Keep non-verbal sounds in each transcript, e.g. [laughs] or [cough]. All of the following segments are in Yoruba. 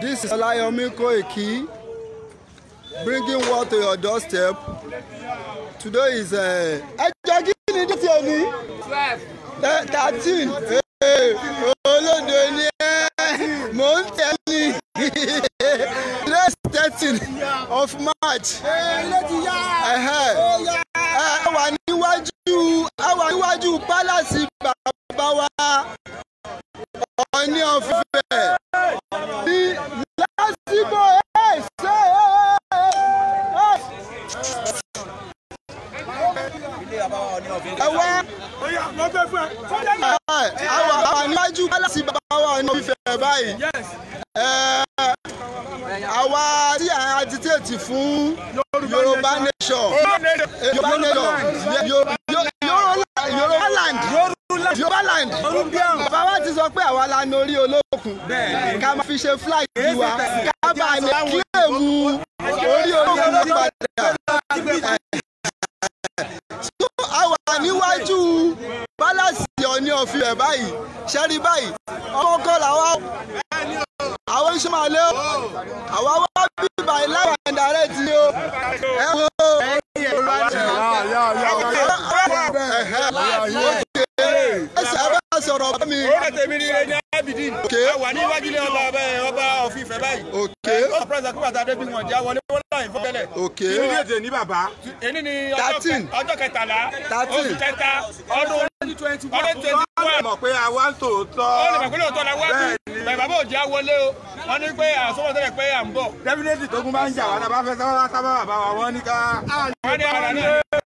This is Olayomi Koiki bringing water to your doorstep. Today is a uh, kí ni dé ti Today is [laughs] thirteen of March. Ẹ wà níwájú ẹ wà níwájú pálásì láyé olókun ká máa fi ṣe flight wa ká máa lè kílèmù orí olókun padà. so a níwájú bálàsì ọ̀ní ọ̀fìn rẹ̀ báyìí ṣẹ́rí báyìí ọmọ kan làwọn àwọn iṣẹ́ máa lé o àwa wá bí báyìí live and direct o ẹ wo. ẹ sọ̀rọ̀ bá mi. Ok. a wà ní iwájú ilé ọba ọba ọ̀fin ìfẹ́ báyìí. ọba pírẹsìdà kí bàtà débí wọn já wọlé wọlé láyé fún tẹ́lẹ̀. kí ni déètì ní bàbá. èyí ni ọjọ́ kẹtàlá oṣù kẹta ọdún twenty one. wọ́n mọ̀ pé àwa ń tòótọ́. ó lè mọ̀ pé lóòótọ́ la wá bí bàbá bò já wọlé o wọ́n ní pé àsọ̀rọ̀ tẹ́lẹ̀ pé à ń bọ̀. dẹ́bídẹ́tì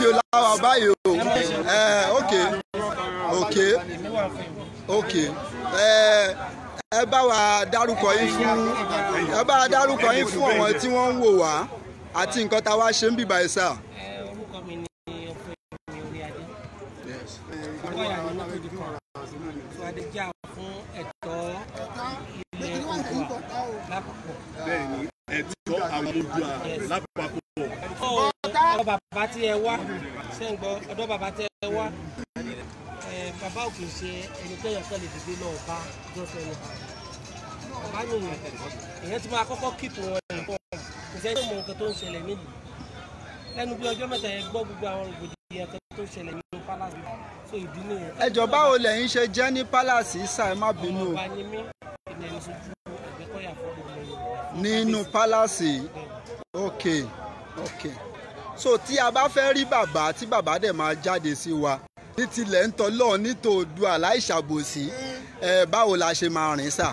studio láwa báyìí o ẹ ok ok ok ẹ ẹ bá wa dárúkọ yín fún ẹ bá wa dárúkọ yín fún àwọn tí wọ́n ń wò wá àti nǹkan tá a wá ṣe ń bìbà ẹ̀ sà. orúkọ mi ni ọ̀fẹ́ mi orí adé. àwọn ìyàwó náà ti kọ́ ọ̀rọ̀ adé jà fún ẹ̀tọ́ ilẹ̀ òkúwa lápapọ̀. bẹ́ẹ̀ni ẹ̀tọ́ àwọn ojú à lápapọ̀ ọ̀dọ̀ bàbá tí ẹ wá sẹ́ǹgbọ́ ọ̀dọ̀ bàbá tí ẹ wá bàbá ò kì í ṣe ẹni tẹ́yàn kan lè dìde lọ bá jọ́sẹ̀ ni bàbá yìnyín èèyàn ti máa kọ́kọ́ kíìpù wọn ẹ̀kọ́ ìṣẹ́ tó mọ nǹkan tó ń ṣẹlẹ̀ nílùú lẹ́nu bí ọjọ́ mẹ́ta yẹn gbọ́ gbogbo àwọn rògbòdìyàn kan tó ń ṣẹlẹ̀ nínú pálásì so ìdí nìyẹn. ẹjọ báwo lẹ̀yin ṣe jẹ ní pálásì ṣá ẹ má bínú o. nínú pálásì ok ok so tí a bá fẹ́ rí bàbá tí bàbá dẹ̀ máa jáde sí wa ní tilẹ̀ ń tọ́lọ́ ní aláìṣàbòsí ẹ báwo la ṣe máa rìn sà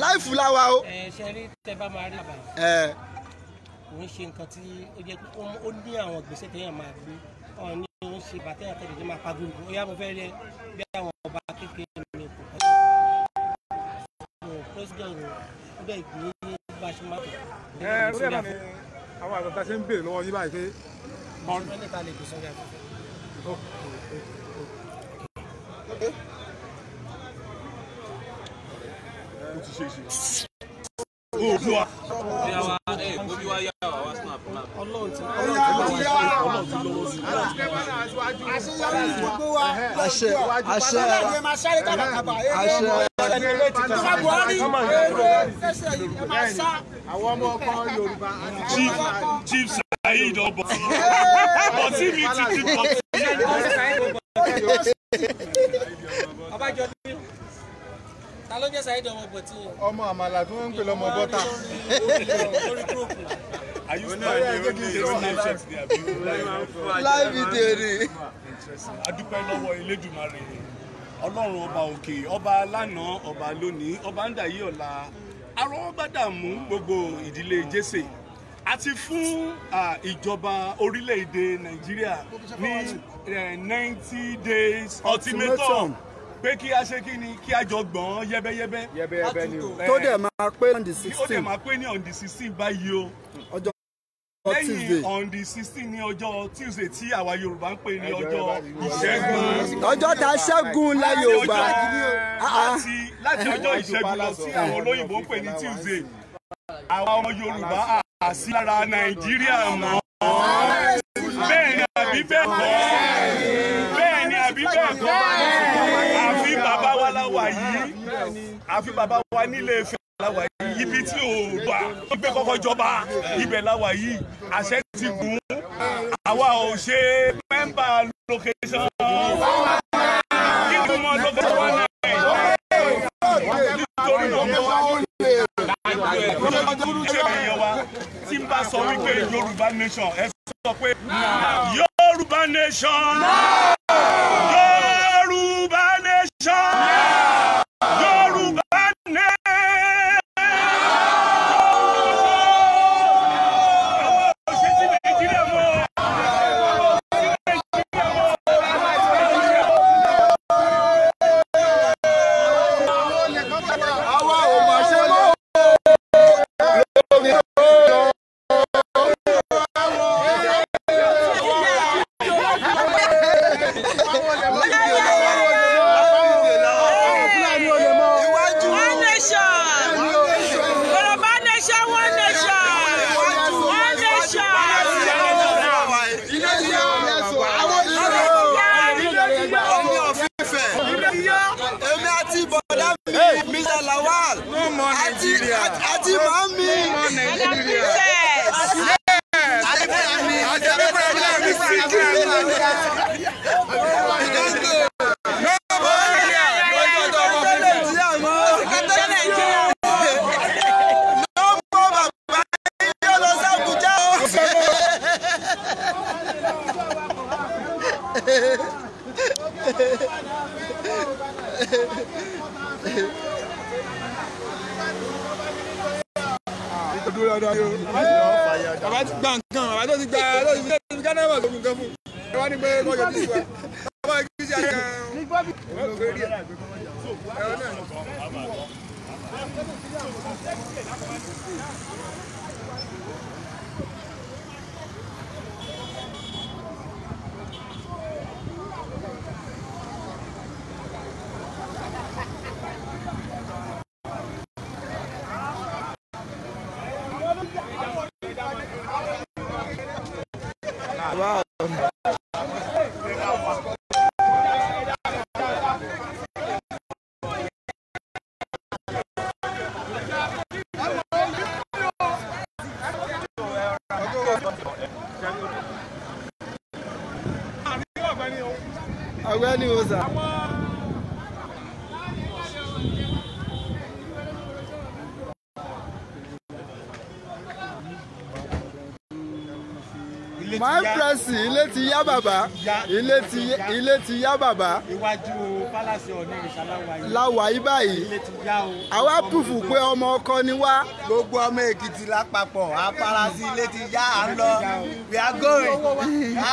láìfù láwa o. ẹ ṣe rí tẹ bá máa rí bàbá yìí kò ń ṣe nǹkan tí ó jẹ pé ó ní àwọn gbèsè téèyàn máa gbé ọ ní ó ń ṣe bàtẹ́ àtẹ̀lẹ́ tó máa pa gbogbo ó yá mo fẹ́ rí bí àwọn ọba kékeré mi kò kọ́ ọ́ president ó bẹ̀ gbé bá a ṣe máa tẹ̀. ẹ ẹ rúbẹ̀ bá mi àwọn àgbàgbà ṣe ń béèrè lọ́wọ́ yín báyìí pé. wọ́n ní ta lè gbèsè ọjà fífẹ́. ó ti ṣe é ṣe. Olúwa. Yàrá ẹ̀ omi wa yàrá wa snap snap. Ọlọ́run ti Ọlọ́run ti lọ́wọ́ sí i. Àṣeyọrí ìdìbò wa. Àṣẹ àṣẹ àṣẹ. Chief Saheed ọbọ bọtí mi ti di bọtí. Ọbájọ ní ta ló jẹ́ Saheed ọmọ bọtí o. Ọmọ àmàlà tó ń pè lọ́mọ bọ́tà. Live video ni. Adúpẹ́ lọ́wọ́ Elédùmarè ọlọ́run ọba òkè ọba lánàá ọba lónìí ọba ń dà yí ọ̀la arọ́wọ́gbádàmú gbogbo ìdílé jésè àti fún ìjọba orílẹ̀-èdè nàìjíríà ní ninety days ultimatum pé kí a ṣe kí ni kí a jọ gbọ́n yẹ́bẹ́yẹ́bẹ́ on the sixteen tó dẹ̀ máa pé ní on the sixteen báyìí o ọjọ́ lẹ́yìn on the sixteen ní ọjọ́ tuesday tí àwa yorùbá ń pè ní ọjọ́ ìṣẹ́gun. ọjọ́ ta ṣẹ́gun la yorùbá. Ah, ah. àti láti ọjọ́ ìṣẹ́gun lọ sí àwọn olóyìnbó ń pè ní tuesday àwa ọmọ yorùbá àsí lára nàìjíríà mọ́. bẹ́ẹ̀ ni àbí bẹ́ẹ̀ kọ́ bẹ́ẹ̀ ni àbí bẹ́ẹ̀ kọ́ àfi bàbá wa la wà yìí àfi bàbá wa nílé Ifẹ̀ láwa yìí ibi tí ò bá gbé kọ́kọ́ jọba ibẹ̀ láwa yìí àṣẹ ti gùn àwa ò ṣe mẹ́mbà location. kí ni mo location wà náà nítorí náà ṣe èèyàn wa tí n bá sọ wípé Yorùbá nation ẹ sọ pé Yorùbá nation. Thank you. ọ̀gbẹ́ ni o sà. máa ń pẹ̀sì ilé ti yá bàbá ilé ti yá bàbá. iwájú palace ọ̀ní ìṣàláwà yìí. báyìí. àwa pùfù pé ọmọ ọkọ ni wá. gbogbo ọmọ èkìtì lápapọ̀ afárasí ilé ti yá à ń lọ we are going. a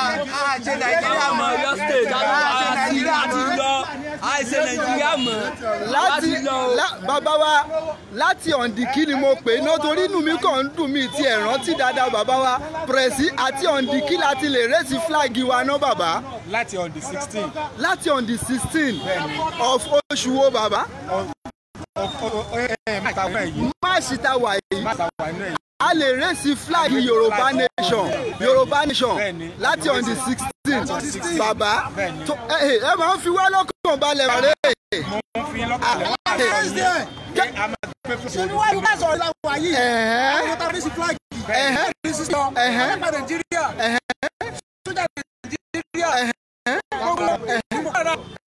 ṣe nàìjíríà mọ́ Ọ̀yọ́ state a ṣe nàìjíríà ti lọ a ṣe nàìjíríà mọ́ láti lọ. bàbá wa láti ọ̀ǹdìkí ni mo pè é nítorí inú mi kàn ń dùn mí ti ẹ̀ rántí dáadáa bàbá wa pẹ̀rẹ̀sì àti ọ̀ǹdìkí láti lè rẹ́sì fúláàgì wa ná bàbá. láti ọ̀ǹdì sixteen. láti ọ̀ǹdì sixteen oṣù wo Baba. máàsì ta wà yìí a lè rẹ́sì flag yorùbá nation yorùbá nation láti on the sixteen bàbá ẹ máa ń fi wá lọ́kàn balẹ̀ rẹ̀. mo ń fi lọ́kàn ṣèlú wa yorùbá sọ̀rọ̀ la wà yìí àwọn ọ̀tá oníṣìí fúlàgì ẹ̀hẹ́ ẹ̀hẹ́ ọ̀tá nàìjíríà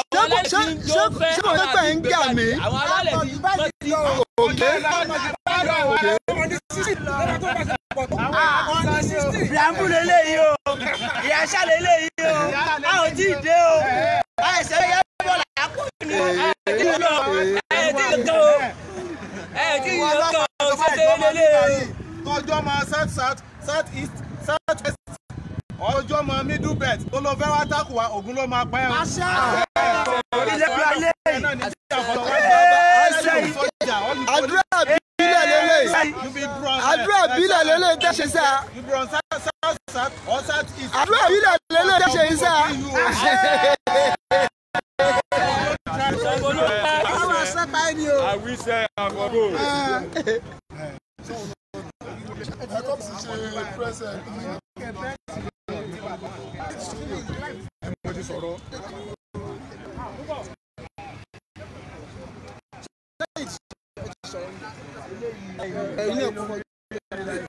àwọn ẹlẹ́sìn ló fẹ́ àwọn ti gbé mi. àwọn alálẹ̀ ti gbọ́ ti òkè. bìràmù lélẹ́yìí o ìyáṣà lélẹ́yìí o a ò tí ì dé o a ẹ̀sẹ̀ yẹ bọ̀ làákùn ni o ẹ̀ ẹ̀ ti lọ ẹ̀ ti lọ o ẹ̀ ti lọ o ṣe délé lélẹ́yìí. kọjọ́ máa south south south east south ọjọ́ mọ middle belt tó lọ fẹ́ wá tákù wa ògùn ló máa pẹ́ àdúrà bílẹ̀ lélẹ̀ tẹ́ ṣe sá. àdúrà bílẹ̀ lélẹ̀ tẹ́ ṣe sá. Àwísẹ́ àfọ̀gbò ẹ̀kọ́ sì ṣe present sọ̀rọ̀. ẹ̀yin náà kúkọ.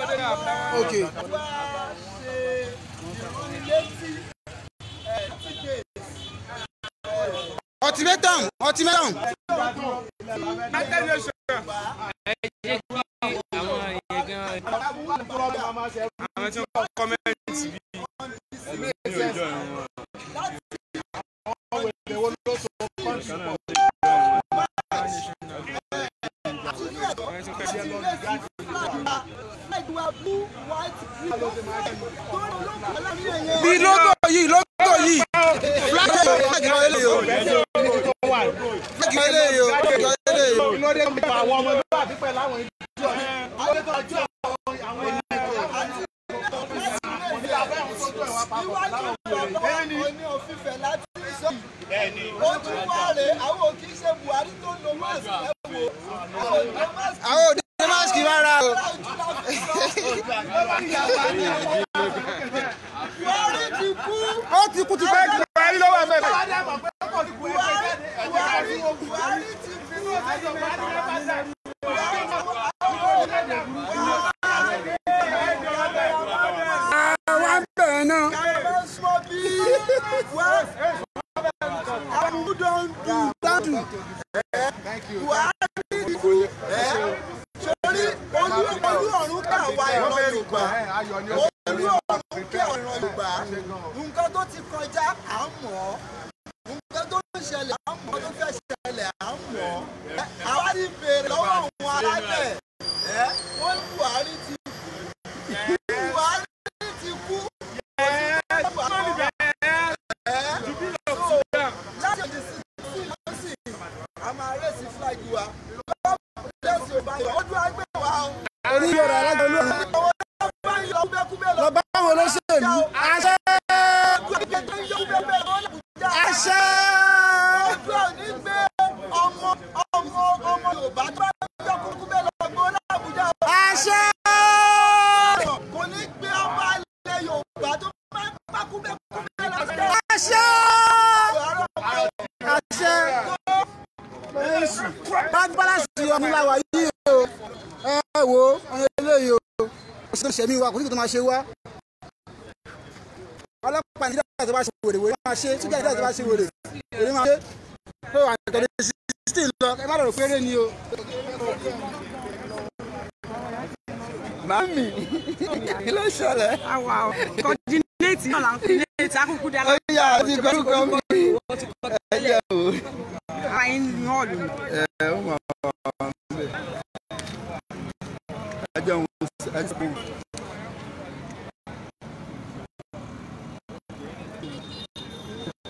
Okay. ultimatum ultimatum. ẹ jẹ́ kí àwọn ìyẹn gan-an. woman. 어. kò sí kò tó máa ṣe wá ọlọ́pàá nàìjíríà tó bá ṣe wèrè wèrè máa ṣe ṣúgà nàìjíríà tó bá ṣe wèrè wèrè máa ṣe pé àtọ̀lẹ́ sixteen lọ ẹ má lọ́rọ̀ péré ni o. Mami, kí ló ṣẹlẹ̀? Àwa ọ̀ kọ́dínéètì náà là ń fi léètì akókó dára. Ó yà á ti gbórúkọ mi. Ẹ o. Ara yín ni wọ́n lò. Ẹ ó mọ̀ ọ́ ọ́ ń bẹ̀. Ajọ́ ń sẹ́kù.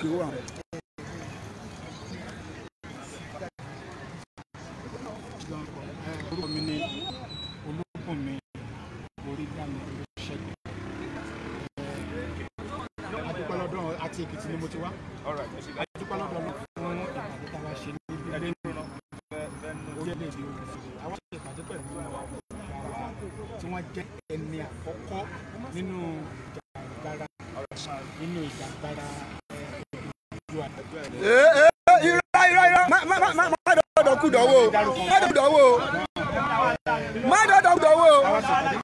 ló wà. orúkọ irọ́ irọ́ irọ́ má dọ̀dọ̀ kú dọ̀wọ́ má dọ̀dọ̀ kú dọ̀wọ́ má dọ̀dọ̀ kú dọ̀wọ́.